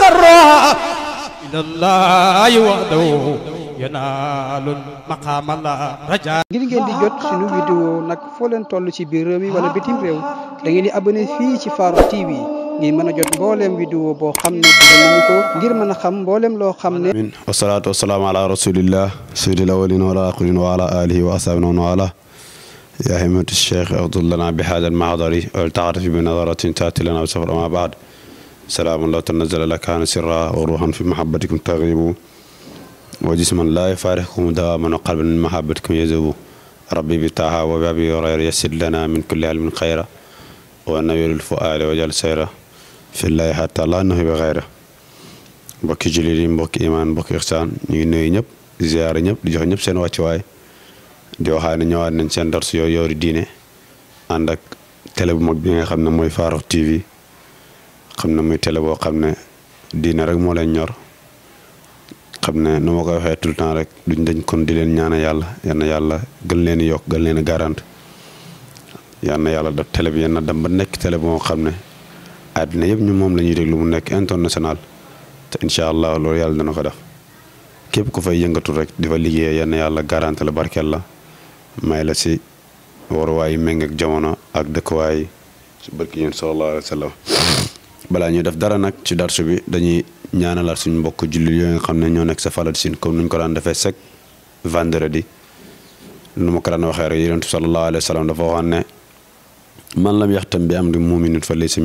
تقرى إلى الله وحده yanaalul maqaama la raja ngir ngeen di jot suñu vidéo nag foo leen toll ci biir réew mi wala bitim réew da ngeen di abonné fii ci Farokh TV ngir mën a jot mbooleem vidéo boo xam ne dinañ ko ngir mën a xam mbooleem loo xam ne min wasalaatu wasalaamu ala rasulillah sayyidil awwalin wal axirin wa ala alihi wa ashaabina wa ala yaa himmatu cheikh afdul lana bi haadal mahdari wal taarif bi nadaratin taati lana wa safar ma baad سلام الله تنزل لك عن سرا وروحا في محبتكم تغلب وجسما لا يفارقكم دواما وقلبا من محبتكم يذوب ربي بتاها وبابي غير يسر لنا من كل علم خيرا ونبيل الفؤاد وجل سيرا في الله حتى لا نهي بغيره بك جليلين بك إيمان بك إخسان ينوي نب زيار نب لجوه نب سنوى چواي ديو حاني نيوان ننسان درسو يوري دينه عندك تلب مقبين خمنا موي فارغ xam ne muy télé boo xam ne diine rek moo leen ñor xam ne nu ma ko waxee temps rek duñ dañ kon di leen ñaana yàlla yal na yàlla gën leen yokk gën leen garante yal na yàlla def télé bi yal na dem ba nekk télé xam ne àddina yëpp ñu moom la ñuy déglu mu nekk international te incha allah loolu yàlla dana ko def képp ku fay yëngatu rek di fa liggéey yal yàlla garante la barkeel la may la si waruwaay yi méng jamono ak dëkkuwaay yi si barki yéen sallallahu alayhi balaa ñuy def dara nag ci darsu bi dañuy ñaanalaat suñu mbokk jullit yooyu nga xam ne ñoo nekk sa Palestine comme nuñ ko daan defee sec vendredi nu ma ko daan waxee rek yonent bi sallallahu alayhi wa sallam dafa waxoon ne man lam yaxtam bi amri muminin fa laysa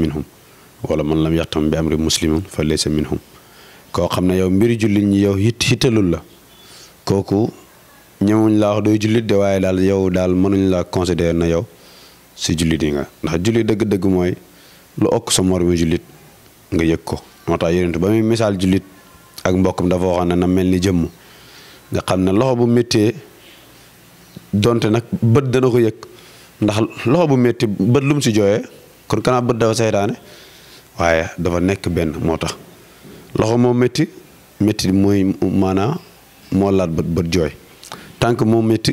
wala man lam yaxtam bi amri muslimin fa laysa minhum koo xam ne yow mbir jullit ñi yow hit hitalul la kooku ñëwuñ laa wax dooy jullit de waaye daal yow daal mënuñ laa considérer na yow si jullit yi nga ndax jullit dëgg-dëgg mooy lu okk sa moromu jullit nga yëg ko moo tax yonent ba muy misaal jullit ak mbokkam dafa waxoon ne na mel ni jëmm nga xam ne loxo bu méttee donte nag bët dana ko yëg ndax loxo bu métti bët lu mu si jooyee kon kanaa bët dafa waaye dafa nekk benn moo tax loxo moo métti métti mooy maanaam jooy tànk moo métti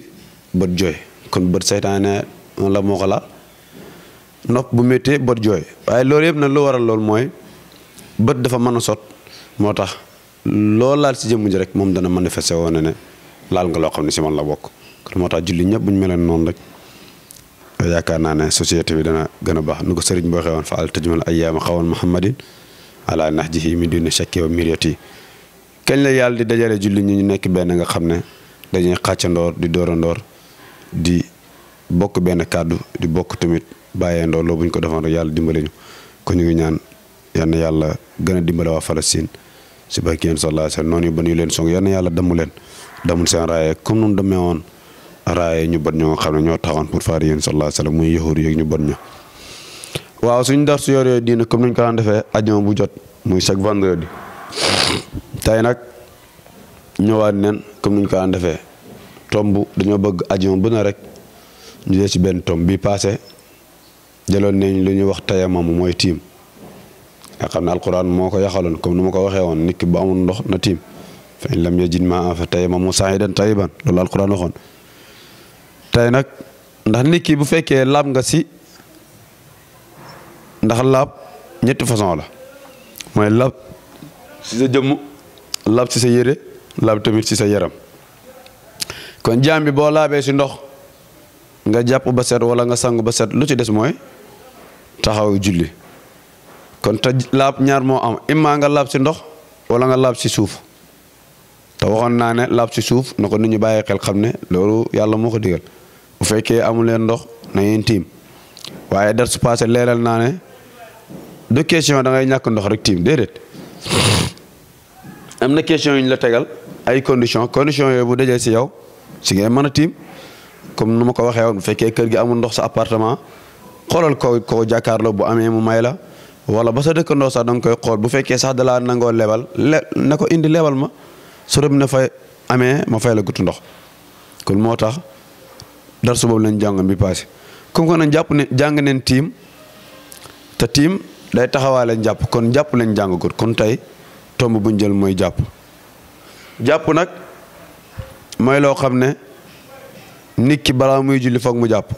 bët jooy kon bët seytaane la moo ko nopp bu méttee bët jooy waaye loolu yëpp na lu waral loolu mooy bët dafa mën a sot moo tax lool laal si jëmm ji rek moom dana manifesté woon ne laal nga loo xam ne si man la bokk kon moo tax julli ñëpp bu ñu meleen noonu rek yaakaar naa ne société bi dana gën a baax nu ko sëriñ boo xewoon fa al tajmal ayyaama xawoon muhammadin ala nahjihi min duni shakki wa miryati kañ la yàlla di dajale julli ñu ñu nekk benn nga xam ne dañuy xàccandoor di doorandoor di bokk benn kàddu di bokk tamit bàyyeendoo loo buñ ko defoon yàlla dimbali yal yàlla gën dimbale waa Palestine si barke yéen sallallahu alayhi wa seen noonu yu ba ñu leen song yal yàlla damm leen damul seen raaya comme noonu demee woon raaya ñu bon ñoo nga xam ne ñoo taxawoon pour faari yéen sallallahu alayhi wa sallam muy yahuud yeeg ñu bon ña waaw suñu dar su yor yooyu diina comme niñ ko daan defee ajuma bu jot muy chaque vendredi tey nag ñëwaat neen comme niñ ko daan defee tomb dañoo bëgg ajuma bu na rek ñu dee benn tomb bi passé jëloon nañ lu ñuy wax tayamamu mooy tiim xam ne alquran moo ko yaxaloon comme nu ma ko waxee woon nit ki bu amul ndox na tiim fa in lam yajid maa fa tayammamu sa'idan tayyiban loolu alquran waxoon tey nag ndax nit ki bu fekkee laab nga si ndax laab ñetti façon la mooy laab si sa jëmm laab si sa yére laab tamit si sa yaram kon jaam bi boo laabee si ndox nga jàpp ba set wala nga sangu ba set lu ci des mooy taxaw julli kon te laab ñaar moo am imma nga laab si ndox wala nga laab si suuf te waxoon naa ne laab si suuf na ko nit ñu bàyyi xel xam ne loolu yàlla moo ko digal bu fekkee amu leen ndox na ngeen tiim waaye dar su passé leeral naa ne du question da ñàkk ndox rek tiim déedéet am na question yu ñu la tegal ay condition condition yooyu bu dajee si yow si ngay mën a tiim comme nu ma ko waxee woon bu fekkee kër gi amul ndox sa appartement xoolal ko ko jàkkaarloo bu amee mu may la wala ba sa dëkkandoo sax da koy xool bu fekkee sax dalaa nangoo lebal le na ko indi lebal ma su rëb na fa amee ma fay la gutu ndox kon moo tax dar su boobu lañ jàngoon bi passé comme a jàpp ne jàng neen tiim te tiim day taxawaale njàpp kon njàpp lañ jàngagut kon tey tomb buñ jël mooy jàpp jàpp nag mooy loo xam ne nit ki balaa muy julli foog mu jàpp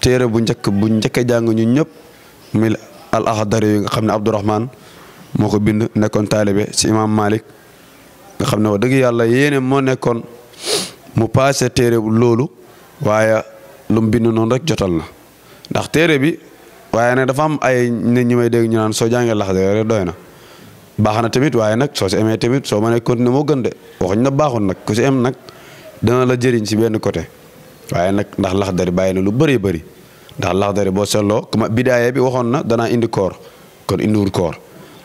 téere bu njëkk bu njëkk a jàng ñun ñëpp muy al axdari yu nga xam ne Abdourahman moo ko bind nekkoon taalibe si imaam Malik nga xam ne wa dëgg yàlla yéene moo nekkoon mu paase téere loolu waaye lu mu bind noonu rek jotal na ndax téere bi waaye nag dafa am ay nit ñi may dégg ñu naan soo jàngee laxdari rek doy na baax na tamit waaye nag soo si amee tamit soo ma mënee continuer moo gën de waxuñ na baaxul nag ku si am nag dana la jëriñ si benn côté waaye nag ndax lax laxdari bàyyi na lu bëree bëri ndax laxdari boo seetloo comme bidaaya bi waxoon na danaa indi koor kon indiwul koor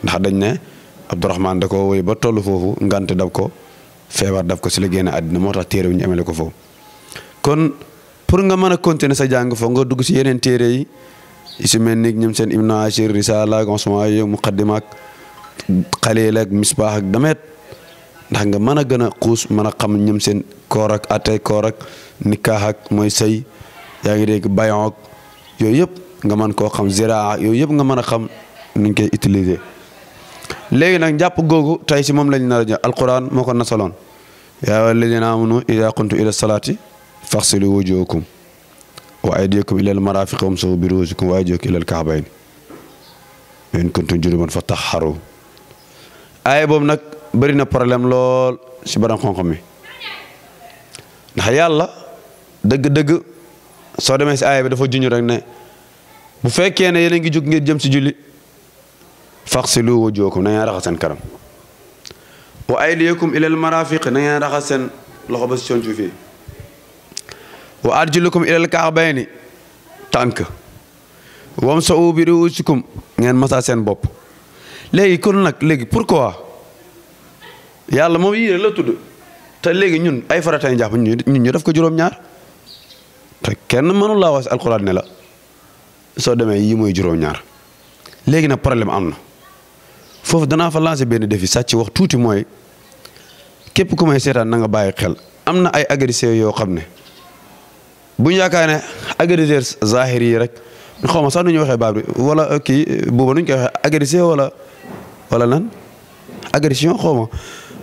ndax dañ ne Abdourahman da ko woy ba toll foofu ngante dab ko feebar dab ko si la génne àddina moo tax téere bi ñu amele ko foofu kon pour nga mën a continuer sa jàng foog nga dugg si yeneen téere yi si mel ni ñoom seen Ibnu Ashir Risaala ak Osmaan yooyu Muqaddima ak Xaliil ak Misbaax ak Damet ndax nga mën a gën a xuus mën a xam ñoom seen koor ak atay koor ak nikaax mooy sëy yaa ngi dégg bayon yooyu yëpp nga man koo xam ziraa yooyu yëpp nga mën a xam nuñ koy utiliser. léegi nag njàpp googu tey si moom lañ nar a jël alquran moo ko nasaloon yaa ayyuha alladina amanu ida qumtu ila salaati faxsilu wujuhakum wa aydiyakum ila almarafiqi wamsahu bi ruusikum wa aydiyakum ila alkaabayn wa in kuntum junuban fatahharu aaya boobu nag bëri na problème lool si borom xam-xam yàlla dëgg-dëgg soo demee si aaya bi dafa juñu rek ne bu fekkee ne yéen a ngi jug ngir jëm si julli faxsilu wujuhakum na ngeen raxas seen kanam wa aydiyakum ilal marafiq na ngeen raxas seen loxo ba si concu fii wa arjulukum ilal kaabayni tànk soo wamsa'u bi ru'usikum ngeen masa seen bopp léegi kon nag léegi pourquoi yàlla moom yii la tudd te léegi ñun ay faratay njàpp ñun ñu def ko juróom-ñaar te kenn mënu laa wax alxuraan ne la soo demee yi mooy juróom-ñaar léegi nag problème am na foofu danaa fa lancer benn défi sàcc wax tuuti mooy képp ku may seetaan na nga bàyyi xel am na ay agresseurs yoo xam ne bu ñu yaakaar ne yi rek xaw ma sax nu ñuy waxee baab bi wala euh, kii euh, booba nu ñu koy waxee agresseur wala wala nan agression xaw ma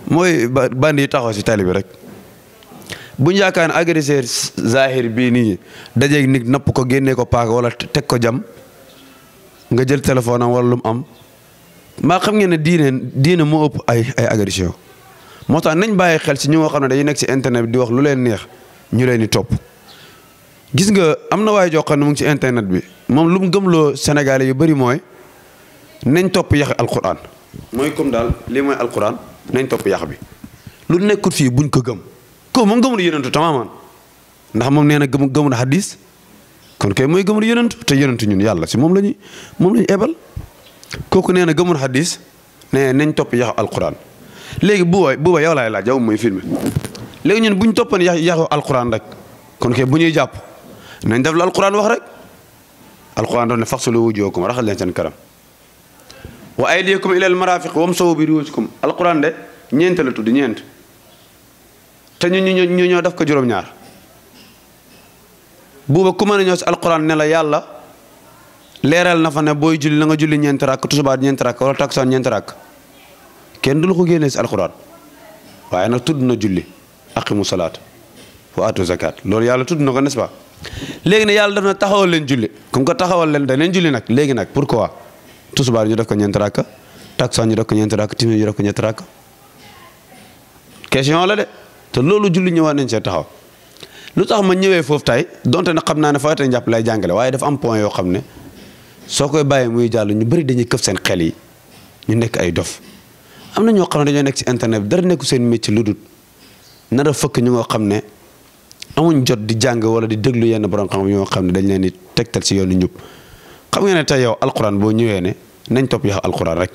mooy bandi yi taxaw si tali bi rek. bu ñu yaakaar ne agresseur zahir bii nii dajeeg nit napp ko génnee ko paaka wala teg ko jam nga jël téléphone am wala lu mu am maa xam ngeen ne diine diine moo ëpp ay ay agression moo tax nañ bàyyi xel si ñu nga xam ne dañuy nekk si internet bi di wax lu leen neex ñu leen di topp. gis nga am na waaye joo xam ne si internet bi moom lu mu gëmloo Sénégalais yu bëri mooy nañ topp yax alquran mooy comme daal lii mooy nañ topp yàq bi lu nekkul fii buñ ko gëm. ko moom gëmul yonentu tamaman ndax moom nee na gëm gëmul hadis kon kay mooy gëmul yonentu te yonentu ñun yàlla si moom la ñuy moom la ñu ebal kooku nee na gëmul hadis ne nañ topp yaxu alquran léegi buuba buuba yow laay laaj yow mooy filmé léegi ñun bu ñu toppoon yax yaxu alquran rek kon kay bu ñuy jàpp nañ def la alquran wax rek alquran doon ne faxsulu wujuhakum raxas leen seen kanam wa aydiyakum ila almarafiq wamsahu bi ruusikum alquran de ñeent la tudd ñeent te ñu ñu ñu ñoo def ko juróom-ñaar buuba ku mën a ñëw si alquran ne la yàlla leeral na fa ne booy julli na nga julli ñeenti rakk tusubaat ñeenti rakk wala takkusaan ñeenti rakk kenn du la ko génnee si alquran waaye nag tudd na julli aqimu salaat wa atu zakat loolu yàlla tudd na ko n'est-ce pas léegi ne yàlla def na taxawal leen julli comme que taxawal leen da leen julli nag léegi nag pourquoi tusubaat ñu def ko ñeenti rakk takkusaan ñu def ko ñeenti rakk timis ñu def ko ñeenti rakk question la de. te loolu julli ñëwaat nañ see taxaw lu tax ma ñëwee foofu tay donte na xam naa ne faratay njàpp lay jàngale waaye dafa am point yoo xam ne soo koy bàyyi muy jàll ñu bari dañuy këf seen xel yi ñu nekk ay dof am na ñoo xam ne dañoo nekk ci internet bi dara nekku seen métier lu dul nar a fëkk ñu nga xam ne amuñ jot di jàng wala di déglu yenn borom xam ñoo xam ne dañ leen di tegtal ci yoonu ñub xam nga ne tey yow alquran boo ñëwee ne nañ topp yow alquran rek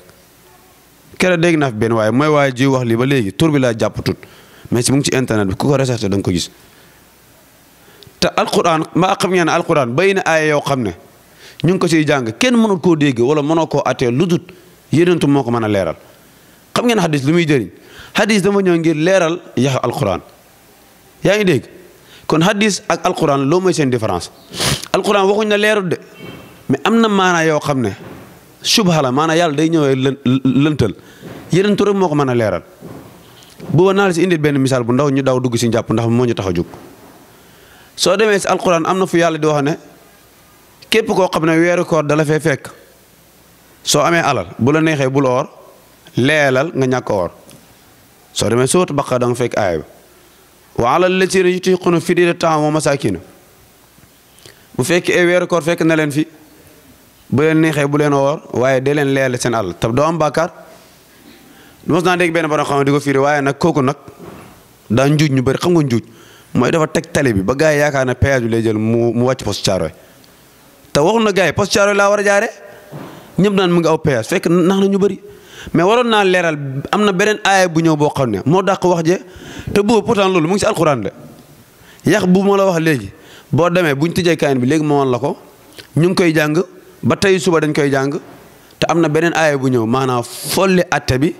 kere dégg naa fi benn waaye mooy waaye ji wax lii ba léegi tur bi laa jàppatut mais si mu ngi ci internet bi ku ko recherché da nga ko gis te alquran mbaa xam ngeen ne alquran bay na aaya yoo xam ne ñu ngi ko siy jàng kenn mënul koo dégg wala mënoo koo attee lu dut yénentu moo ko mën a leeral xam ngeen xadis lu muy jëriñ xadis dama ñëw ngir leeral yax alquran yaa ngi dégg kon xadis ak alquran loo mooy seen différence alquran waxuñ na leerul de mais am na maanaa yoo xam ne subha la maanaa yàlla day ñëwee lëntal yénentu rek moo ko mën a leeral booba naa la si indi benn misaal bu ndaw ñu daw dugg si njàpp ndax moo ñu tax a jóg soo demee si alquran am na fu yàlla di wax ne képp koo xam ne weeru koor dala fee fekk soo amee alal bu la neexee bul oor leelal nga ñàkk oor soo demee sóotu baqara da nga fekk aaya bi wa alal lazina yutiquuna fidyatun taamu masaakiina bu fekkee weeru koor fekk na leen fi bu leen neexee bu leen oor waaye dee leen leelal seen alal te doo am bàkkaar mos naa dégg benn borom xam ne di ko fiiri waaye nag kooku nag daa njuuj ñu bari xam nga njuuj mooy dafa teg tali bi ba gars yaakaar ne péage bi lay jël mu mu wàcc poste Thiaroye te waxu na gars yi poste Thiaroye laa war a jaare ñëpp naan mu ngi aw péage fekk nax na ñu bëri mais waroon naa leeral am na beneen aaya bu ñëw boo xam ne moo daq wax je te boobu pourtant loolu mu ngi si alxuraan la yàq bu ma la wax léegi boo demee bu ñu tijjee kayin bi léegi moomoon la ko ñu ngi koy jàng ba tey suba dañ koy jàng te am na beneen aaya bu ñëw maanaam folli atte bi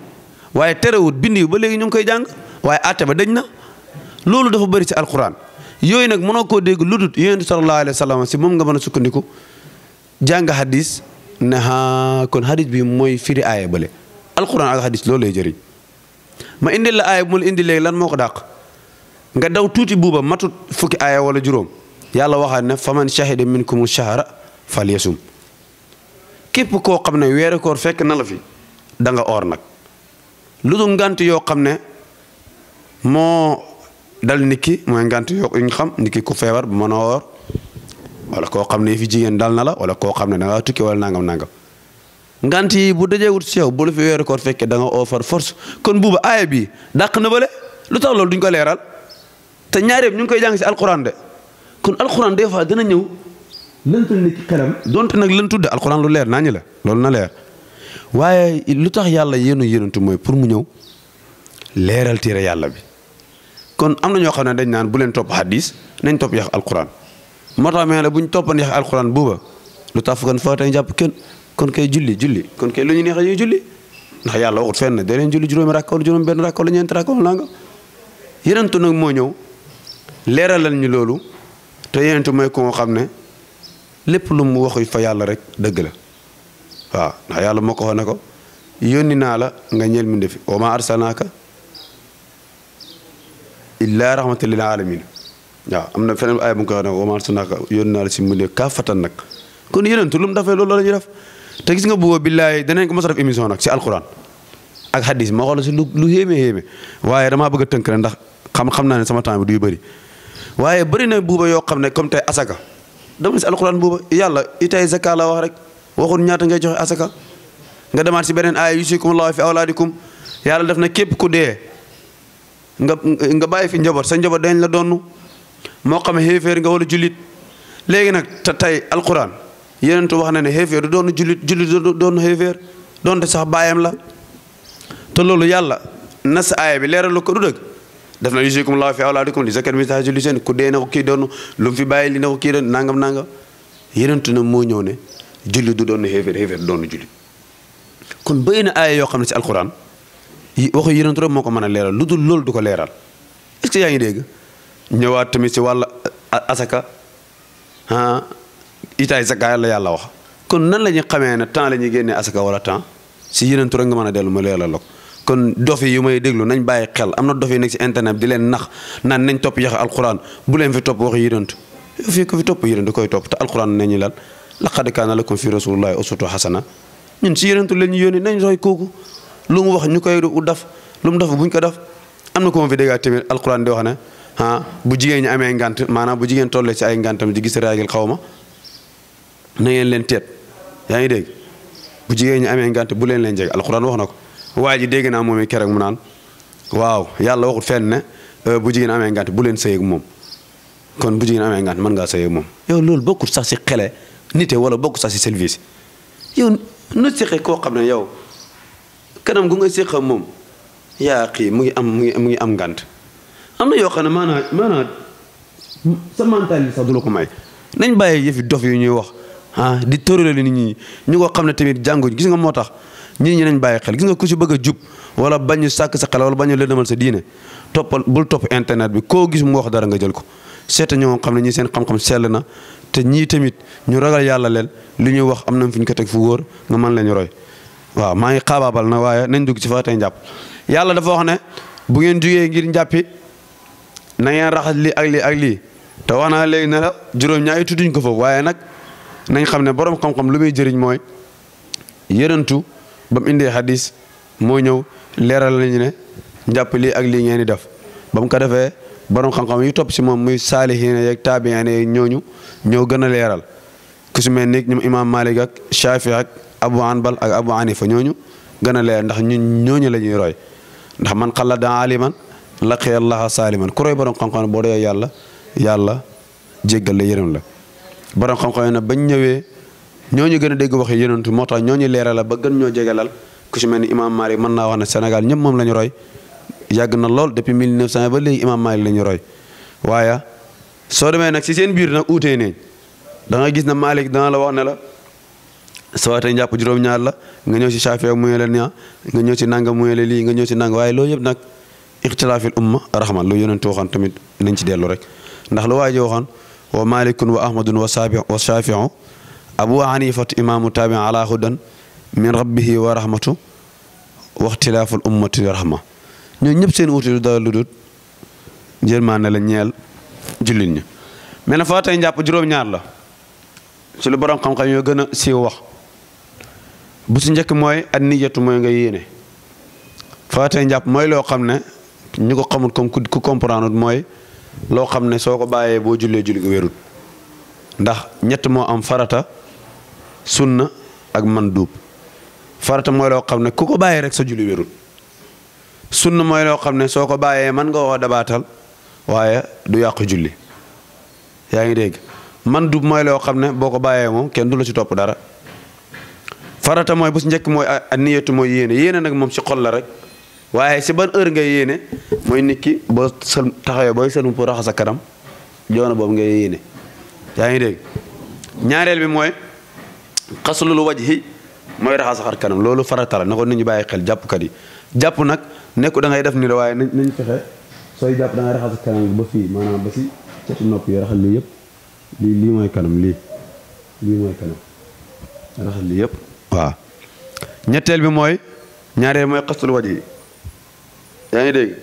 waaye terewut bind yi ba léegi ñu koy jàng waaye àtte ba dañ na loolu dafa bëri ci alquran yooyu nag mënoo koo dégg lu dul yonent sallallahu alayhi wa sallam si moom nga mën a sukkandiku jàng hadis ne ha kon hadis bi mooy firi aaya bële alquran ak hadis loolu lay jëriñ ma indil la aaya bu mu indi léegi lan moo ko dàq nga daw tuuti buuba matut fukki aaya wala juróom yàlla waxaat ne faman shahida minkumu shahra falyasum képp koo xam ne weeru koor fekk na la fi da nga nag lu dul ngant yoo xam ne moo dal nit ki mooy ngant yoo yu ñu xam nit ki ku feebar bu mën wala koo xam ne fi jigéen daal na la wala koo xam ne da ngaa tukki wala nangam nangam ngant yi bu dajeewut si yow bu la fi weeru koor fekkee da nga force kon buuba aaya bi dàq na bële lu tax loolu duñ ko leeral te ñaar yëpp ñu ngi koy jàng si alquran de kon alquran de fois dana ñëw lëntal nit ki xelam donte nag lën tudde alquran lu leer naa ñu loolu na leer waye lu tax yàlla yéenu yéenantu mooy pour mu ñew leral tire yalla bi kon amna ño xamne dañ nan bu len top hadis nañ top yah alquran mota tax mee la bu alquran buba lu tax fukan fa tey kon kay julli julli kon kay luñu ñu julli ndax yalla waxut fenn de len julli juroom rakko juroom ben rakko la ñent rakko la nga nanga nak mo ñew leral leeralal ñu lolu te yenentu moy ko xamne lepp ne lu mu waxuy fa yalla rek deug la waaw ndax yàlla moo ko wax ne naa la nga ñeel mi ndefi wa ma arsalnaaka illaa rahmatan lil alamin waaw am na feneen ay bu nga ko ma arsalnaaka yónni naa si mu ne kaafatan nag kon yonentu lu mu la ñuy def te gis nga booba danañ ko mos a nag si alquran ak hadis ma xool si lu lu yéeme waaye damaa bëgg a tënk rek ndax xam xam naa ne sama temps bi du yu bëri waaye bëri buuba yoo xam ne comme tey asaka dama si alquran buuba yàlla itay zaka wax rek waxul ñaata ngay joxe asaka nga demaat si beneen aaya yusikumullahu fi awlaadikum yàlla def na képp ku dee nga nga bàyyi fi njaboot sa njaboot dañ la donn moo xam xéeféer nga wala jullit léegi nag te tey alquran yenentu wax na ne xéeféer du doon jullit jullit du doon xéeféer doonte sax baayam la te loolu yàlla nas aaya bi leeralu ko du dëgg def na yusikumullahu fi awlaadikum li zakat misli hadzal unsayn ku dee na kii doon lu fi bàyyi li na ki nangam nangam yenentu na moo ñëw ne jullit du doon xéeféer xéeféer du doon jullit kon bëri na aaya yoo xam ne si alxuraan waxu yeneen trop moo ko mën a leeral lu dul loolu du ko leeral est-ce que yaa ngi dégg ñëwaat tamit ci wàll asaka ah itaay zakaat la wax kon nan la ñuy xamee ne temps la ñuy génnee asaka wala temps ci yeneen nga mën a dellu ma leeral la kon dof yi yu may déglu nañ bàyyi xel am na dof yi nekk ci internet di leen nax naan nañ topp yaxe alxuraan bu leen fi topp wax yonent fii ko fi topp yonent da koy topp te alxuraan nañu lan laqad kaana lakum fi rasulillahi uswatun hasana ñun si yenentu la ñu yónni nañ roy kooku lu mu wax ñu koy daf lu mu daf buñ ko def am na ko ma fi dégg tamit alquran di wax ne ah bu jigéen ñi amee ngant maanaam bu jigéen tollee si ay ngantam di gis raagil xaw ma na ngeen leen teet yaa ngi dégg bu jigéen ñi amee bu leen leen jege alquran wax na ko waa ji dégg naa moom keroog mu naan waaw yàlla waxut fenn ne euh, bu jigéen amee ngant bu leen sëyeeg moom kon bu jigéen amee ngant mën moom yow loolu bokkul sax si xele nite wala bokku sa ci service yow no séxé ko xamné yow kanam gu nga séxé mom ya xi mu ngi am mu ngi ngi am amna yo xamné mana mana sa mental sa dulo ko may nañ baye yef dof yu ñuy wax ha di torole nit ñi ñu ko xamné tamit jangu gis nga motax nit ñi nañ baye xel gis nga ku ci bëgg jup wala bañu sak sa xel wala bañu demal sa diiné topal bul top internet bi ko gis mu wax dara nga jël ko séta ñoo xamné ñi seen xam xam sel na te ñii tamit ñu ragal yàlla leen li ñuy wax am nañ fi ñu ko teg fu wóor nga mën leen ñu roy waaw maa ngi xaabaabal na waaye nañ dugg ci fa tey njàpp yàlla dafa wax ne bu ngeen jugee ngir njàppi na ngeen raxas lii ak lii ak lii te wax naa léegi ne la juróom-ñaari tudduñ ko foofu waaye nag nañ xam ne borom xam-xam lu muy jëriñ mooy yërëntu ba mu indee xadis moo ñëw leeral nañu ne njàpp lii ak lii ngeen di def ba mu ko defee borom xam-xam yu topp si moom muy saalihiina yeeg taabiina yeeg ñooñu ñoo gën a leeral ku si mel ni ñoom imaam Malik ak Shaafi ak Abu Hanbal ak Abu Hanifa ñooñu gën a leeral ndax ñun ñooñu la ñuy roy ndax man xala daa aliman laqiya allaha saaliman ku roy borom xam-xam boo doyee yàlla yàlla jéggal la yërëm la borom xam-xam nag bañ ñëwee ñooñu gën a dégg waxi yonentu moo tax ñooñu leeralal ba gën ñoo jegalal ku si mel ni imaam Malik mën naa wax ne senegal ñëpp moom la ñu roy yàgg na lool depuis 1900 ba léegi imaam Malik la ñu roy waaye soo demee nag si seen biir nag uutee ne da nga gis na Malik dana la wax ne la soo watee njàpp juróom-ñaar la nga ñëw si Shaafi'i mu la ñaa nga ñëw si nangam mu la lii nga ñëw si nangam waaye loolu yëpp nag ixtilaafil umma rahma lu yonent waxoon tamit nañ ci dellu rek ndax lu waa ji waxoon wa malikun wa ahmadun wa saabi wa shaafiu abu hanifatu imaamu taabi ala min rabbihi wa rahmatu waxtilaaful ummati ñoo ñëpp seen wuute du dara lu dul yërmande la ñeel jullit ñi mais na fa njàpp juróom-ñaar la ci lu borom xam-xam yoo gën a siiw wax bu si njëkk mooy ak niyatu mooy nga yéene faratay njàpp mooy loo xam ne ñu ko xamul comme mooy loo xam ne soo ko bàyyee boo jullee julli gi ndax ñett moo am farata sunna ak man duub farata mooy loo xam ne ku ko bàyyee rek sa julli wérut sunna moy loo xam ne soo ko bàyyee man nga woo dabaatal waaye du yàq julli yaa ngi dégg man dub mooy loo xam ne boo ko bàyyee moom kenn du la si topp dara farata mooy bu si njëkk mooy a niyatu mooy yéene yéene nag moom si xol la rek waaye si ban heure nga yéene mooy nit ki boo sël taxawee booy sëlmu pour raxas sa kanam joono boobu ngay yéene yaa ngi dégg ñaareel bi mooy xasulul wajhi mooy raxas sa xar kanam loolu farata na ko nit ñi bàyyi xel jàppkat yi jàpp nag nekku da ngay def ni rewaye nañ fexé soy japp da nga raxal kanam gi ba fii maanaam ba ci ci nopp yi raxal li yépp li li moy kanam li li moy kanam raxal li yépp wa ñettel bi moy ñaare moy xastul wadi ya yaa ngi dégg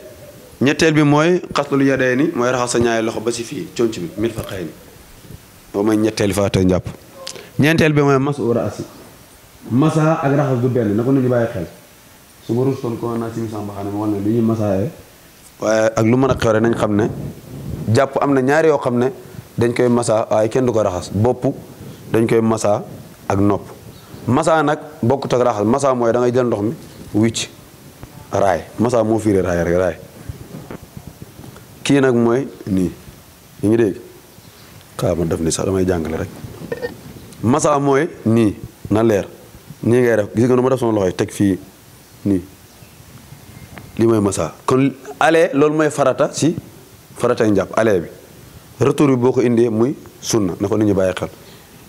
ñettel bi moy xastul yadayni moy raxal sa ñaay loxo ba ci fi conc bi mil fa bo may ñettel fa tay japp ñettel bi moy mas u masa ak raxal du ben nako ñu baye xel su ma ruus kon ko naa ci biir sàmm xanaa ma wala li ñuy masaayee waaye ak lu mën a xew rek nañ xam ne jàpp am na ñaari yoo xam ne dañ koy masaa waaye kenn du ko raxas bopp dañ koy masaa ak nopp masaa nag bokkut ak raxas masaa mooy da jël ndox mi wicc raay masaa moo fiiree kii nag mooy nii ñu ngi dégg xaa ma def ni jàngale rek masaa mooy nii na leer nii ngay def gis nga nu ma def sama loxo teg fii nii li mooy massa kon ale loolu mooy farata si faratay njàpp ale bi retour bi boo ko indee muy sunna na ko nit ñu bàyyi xel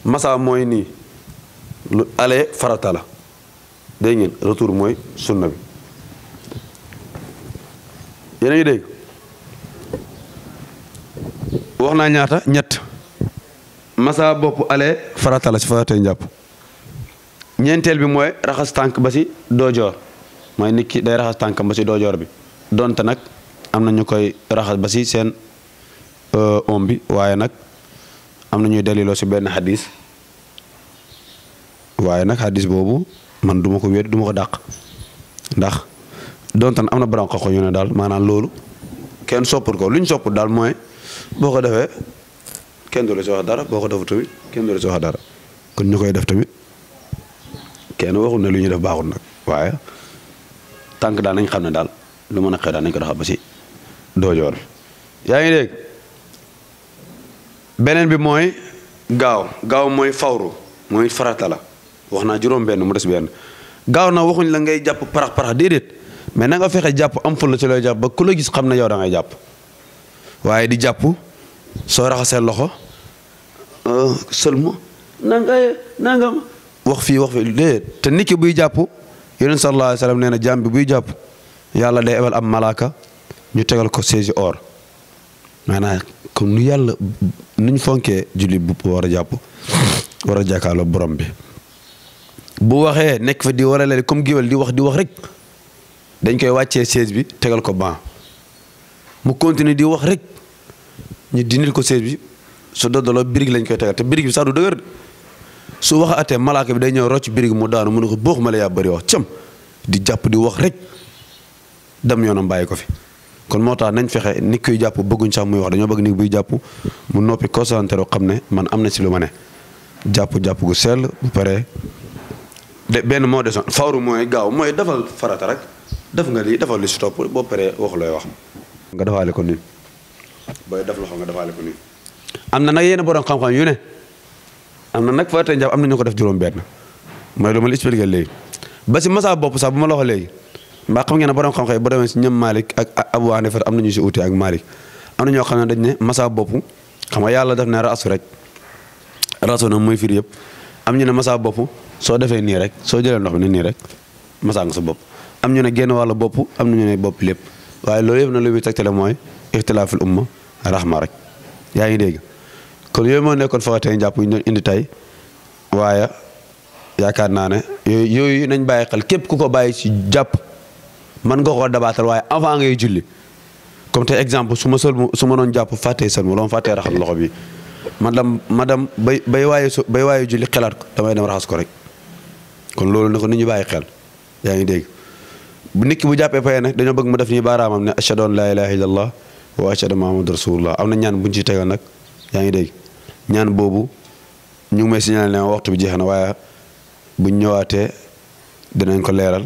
massa mooy nii lu ale farata la day ngeen retour mooy sunna bi yéen a ngi dégg wax naa ñaata ñett masaa bopp ale farata la si faratay njàpp ñeenteel bi mooy raxas tànk ba si doojoor moy nit ki day raxas tankam ba si doojoor bi donte nak am na ñu koy raxas ba ci sen euh, om bi waye nak am na ñuy dalilo si ben xadis waaye nag xadis bobu man duma ko wéd duma ko dakk ndax donte am na ko ko ñune dal manan lolu loolu kenn ko luñ ñu dal moy boko defé ko defee kenn du la wax dara boko defu tamit kenn du la wax dara kon ñukoy def tamit kenn waxul ne luñu def baaxul nak waye tànk daal nañ xam ne daal lu mën a xew daal nañ ko doxal ba si doojoor yaa dégg beneen bi mooy gaaw gaaw mooy fawru mooy farata la wax naa juróom-benn mu des benn gaaw na waxuñ la ngay jàpp parax parax déedéet mais na nga fexe jàpp am ful la ci looy jàpp ba ku la gis xam ne yow da jàpp waaye di jàpp soo raxasee loxo euh, sëlmu na nga na nga wax fii wax fii déedéet te nit ki buy jàpp. yonent sallallahu alayhi nee na jaam bi buy jàpp yàlla day ebal am malaaka ñu tegal ko saisi or maanaa comme nu yàlla nuñ fonkee julli bu war a jàpp war a jàkkaarloo borom bi bu waxee nekk fa di war a leel comme géwél di wax di wax rek dañ koy wàccee chaise bi tegal ko ban mu continuer di wax rek ñu dindil ko chaise bi su doddaloo birig lañ koy tegal te birig bi sax du dëgër su wax atee malaaka bi day ñëw rocc birig mu daanu mu ne ko boox ma la yaa bëri wax cam di jàpp di wax rek dem yoonam bàyyi ko fi kon moo tax nañ fexe nit kuy jàpp bëgguñ sax muy wax dañoo bëgg nit buy jàpp mu noppi concentré xam ne man am na si lu ma ne jàpp-jàpp gu sell bu pare de benn moo desoon fawru mooy gaaw mooy defal farata rek def nga lii defal li si topp boo paree wax looy wax nga defaale ko nii booy def loxo nga defaale ko nii am na nag yenn borom xam ne am na nag farata njàpp am na ñu ko def juróom-benn mooy lu ma la expliqué léegi ba si masa bopp sax bu ma la wax léegi mbaa xam ngeen ne borom xam-xam ba demee si ñoom Malick ak Abu Hanifa am na ñu si uti ak Malick am na ñoo xam ne dañ ne masa bopp xam yàlla def ne rasu rek rasu na muy firi yëpp am ñu ne masa bopp soo defee nii rek soo jëlee ndox mi ne nii rek masa nga sa bopp am ñu ne génn wàll bopp am na ñu ne bopp lépp waaye loolu yëpp na lu muy tegtale mooy ixtilaaful umma rahma rek yaa ngi dégg kon yooyu moo nekkoon faxa tey njàpp indi tey waaye yaakaar naa ne yooyu yooyu nañ bàyyi xel képp ku ko bàyyi ci jàpp man nga koo dabaatal waaye avant ngay julli comme tey exemple su ma sol su ma doon jàpp fàttee sëlmu loom fàttee raxas loxo bi ma dem ma dem bay bay waaye su bay waaye julli xelaat ko damay dem raxas ko rek kon loolu ne ko ni ñu bàyyi xel yaa ngi dégg bu nit ki bu jàppee paye nag dañoo bëgg mu def nii baaraamam ne ashhadu an laa ilaaha illallah wa ashhadu muhammadu am na ñaan buñ ci tegal nag yaa ngi dégg ñaan boobu ñu ngi may signaler ne waxtu bi jeex na waaye buñ ñëwaatee dinañ ko leeral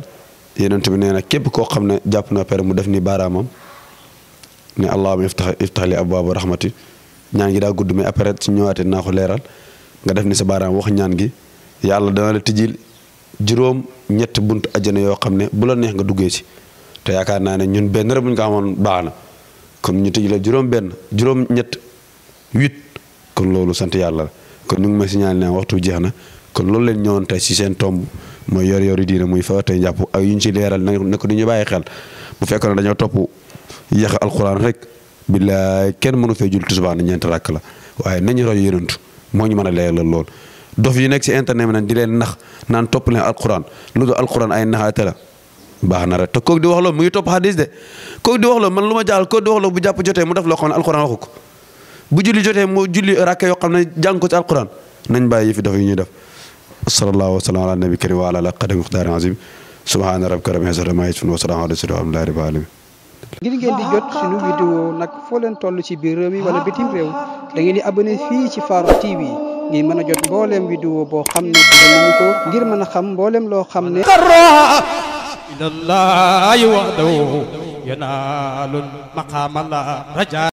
yonent bi nee na képp koo xam ne jàpp na pare mu def ni baaraamam ne allahumma iftax iftax li abwaaba rahmati ñaan gi daa gudd mais après su ñëwaatee dinaa ko leeral nga def ni sa baaraam wax ñaan gi yàlla dana la tijjil juróom ñett a ajjana yoo xam ne bu la neex nga duggee ci te yaakaar naa ne ñun benn rek bu ñu ko amoon baax na kon ñu tijji la juróom benn juróom ñett huit kon loolu sant yàlla la kon ñu ngi si ñaan ne waxtu jeex na kon loolu leen ñëwoon tey si seen tomb mooy yor yor yi diina muy fa tey njàpp ak yu ñu si leeral ne ko di ñu bàyyi xel bu fekkoon ne dañoo topp yéex alquran rek billaay kenn mënu fee jul tisbaar ñeenti rakk la waaye nañu rajo yonantu moo ñu mën a leer leeral lool dof yi nekk si internet bi na di leen nax naan topp leen alquran lu al alquran ay naxaate la baax na rek te kooku di wax loolu mu ngi topp hadis de kooku di wax loolu man lu ma jàpp jotee mu def loo xam ne alquran waxu ko bu julli jotee mu julli rakka yoo xam ne jàng ko ci alquran nañ bàyyi yëfi dafa yu ñuy def sallallahu wa sallam ala nabi karim wa ala qadri muxtaar azim subhaana rabbika rabbil izzati amma yasifun wa salaamun ala al-mursalin walhamdulillahi rabbil alamin ngir ngeen di jot suñu vidéo nag foo leen toll ci biir réew mi wala bitim réew da ngeen di abonné fii ci Farokh TV ngir mën a jot mbooleem vidéo boo xam ne dinañ ko ngir mën a xam mbooleem loo xam ne ilallahi wahdahu yanaalul maqaama la raja